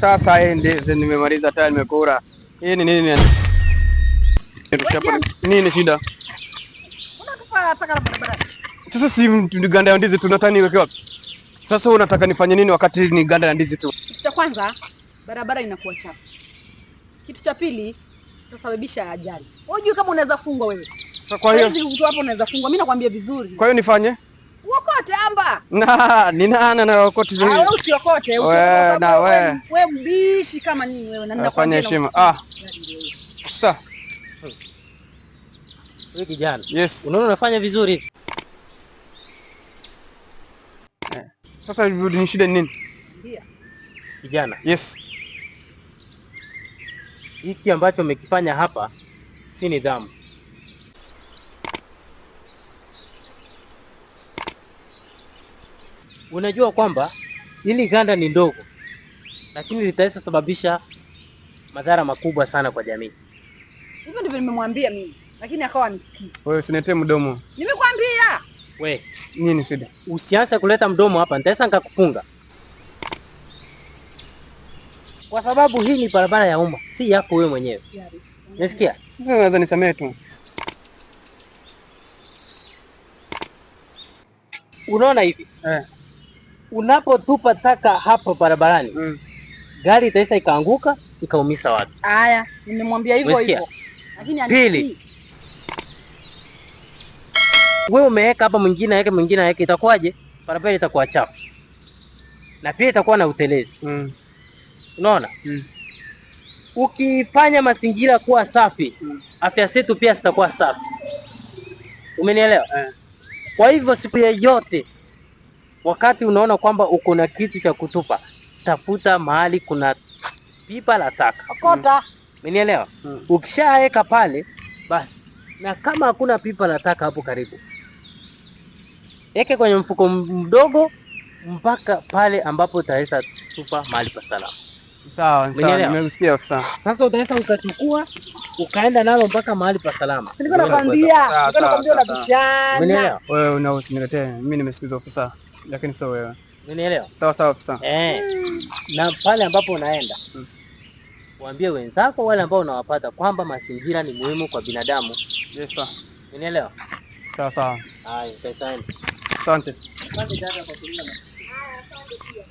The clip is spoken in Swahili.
Sasa hii ndizi nimemaliza tayari nimekula. Hii ni nini? Nini shida? Sasa si ni ganda ya ndizi tu, tunataka niweke wapi? Sasa unataka nifanye nini wakati ni ganda ya ndizi tu? Kitu cha kwanza, barabara inakuwa chafu. Kitu cha pili, tutasababisha ajali. Unajua kama unaweza fungwa wewe. Kwa hiyo hapo unaweza fungwa. Mimi nakwambia vizuri. Kwa hiyo nifanye? usiokote amba na ni nani anayokote dunia? Wewe ah, usiokote, wewe na wewe wewe mbishi kama nini wewe, na ninakwambia heshima. Ah, sasa wewe kijana, yes, unaona unafanya vizuri Sasa hivi ni shida nini? Ndio kijana, yes, hiki ambacho umekifanya hapa si nidhamu. unajua kwamba hili ganda ni ndogo, lakini litaweza sababisha madhara makubwa sana kwa jamii. Hivyo ndivyo nimemwambia mimi, lakini akawa msikii. Wewe usinetee mdomo, nimekwambia. We nini shida? Usianze kuleta mdomo hapa, nitaweza nikakufunga, kwa sababu hii ni barabara ya umma, si yako wewe mwenyewe. Nisikia? Sasa unaweza nisamee tu. Unaona hivi eh unapotupa taka hapo barabarani mm. gari itaisha ikaanguka ikaumisa watu. Haya, nimemwambia hivyo hivyo. Lakini pili, wewe umeweka hapa, mwingine aweke, mwingine aweke, itakuwaje? Barabara itakuwa chafu na pia itakuwa na utelezi mm. unaona mm. Ukifanya mazingira kuwa safi mm. afya zetu pia zitakuwa safi, umenielewa? Eh. Kwa hivyo siku yeyote Wakati unaona kwamba uko na kitu cha kutupa, tafuta mahali kuna pipa la taka okota. Mm. Umenielewa? mm. mm. Ukishaweka pale basi, na kama hakuna pipa la taka hapo karibu, eke kwenye mfuko mdogo mpaka pale ambapo utaweza tupa mahali pa salama. Sawa, nimekusikia. Sasa utaweza ukachukua ukaenda nalo mpaka mahali pa salama. Nilikuwa Nakwambia nilikuwa nakwambia unabishana wewe, una unasiniletea mimi. Nimesikiza ofisa, lakini sio wewe. Unielewa? Sawa sawa ofisa. Eh, na pale ambapo unaenda waambie wenzako wale ambao unawapata kwamba mazingira ni muhimu kwa binadamu. Yes sir. Unielewa? Sawa sawa. Haya, asante. Asante. Asante dada kwa kuuliza. Haya, asante pia.